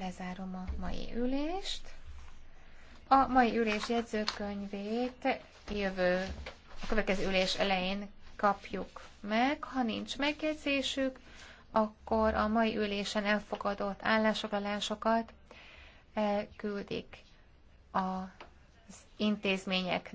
lezárom a mai ülést. A mai ülés jegyzőkönyvét jövő, a következő ülés elején kapjuk meg. Ha nincs megjegyzésük, akkor a mai ülésen elfogadott állásfoglalásokat eh, Küldik az intézményeknek.